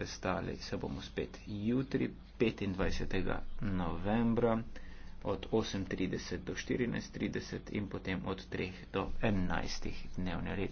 sestali, se bomo spet jutri, 25. novembra, od 8.30 do 14.30 in potem od 3 do 11. dnevne red.